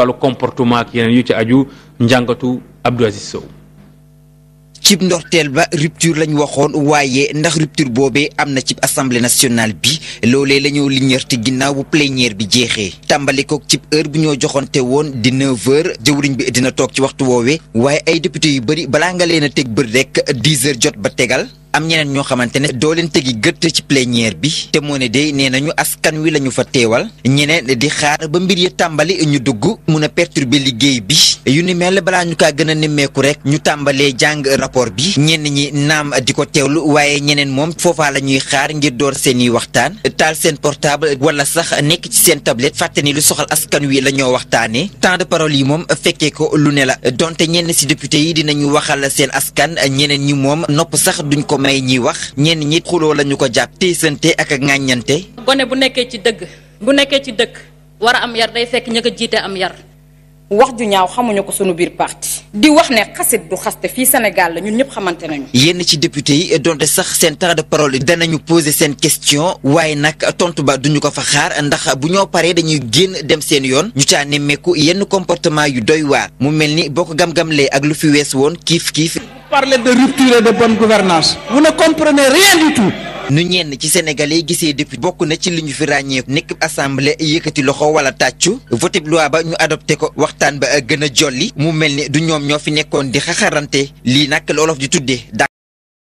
wàllu comportement yeneen yu ci aju njàngatu Abdou Aziz Sow cib ndorteel ba rupture lañ waxoon waaye ndax rupture boobee am na ci assemblée nationale bi loolee la ñoo te ginnaaw bu plénière bi jeexee tàmbalikook cib heure bu ñoo joxante woon di 9 heures jëwriñ bi dina toog ci waxtu woowee waaye ay député yu bëri balaa nga leen a teg bër rek 10 heures jot ba tegal am ñeneen ñoo xamante ne doo leen tegi gëtt ci plénière bi te moo ne day nee nañu askan wi la ñu fa teewal ñeneen di xaar ba mbir ya tàmbali ñu dugg mun a perturber liggéey bi yu ni mel balaa ñu kaa gën a nemmeeku rek ñu tàmbalee jàng rapport bi ñenn ñi naam di ko teewlu waaye ñeneen moom foofa la ñuy xaar ngir door seeni waxtaan taal seen portable wala sax nekk ci seen tablette fàtte ni lu soxal askan wi la ñoo waxtaanee temps de parole yi moom fekkee ko lu ne la donte ñenn ci député yi dinañu waxal seen askan ñeneen ñi moom may ñi wax ñenn ñi xuloo la ñu ko jàpp téesante ak ak ŋàññante gone bu nekkee ci dëgg bu nekkee ci dëkk war am yar day fekk ña ko jiite am yar wax ju ñaaw xamuñu ko sunu biir parti di wax ne xasit du xaste fii senegal la ñun ñëpp xamante nañu. yenn ci député yi donte sax seen temps de parole danañu poser seen question waaye nag tontu ba duñu ko fa xaar ndax bu ñoo paree dañuy génn dem seen yoon ñu caa nemmeeku yenn comportement yu doy waa mu mel ni boo ko gam-gamlee parler de rupture et de bonne gouvernance vous ne comprenez rien nu ñenn ci sénégalais yi gisee député bokk na ci li ñu fi ràññeeku nekk assemblée yëkkati loxo wala tàccu voté loi ba ñu adopté ko waxtaan ba gën a jolli mu mel ni du ñoom ñoo fi nekkoon di xaxarante lii nag loolof di tuddee.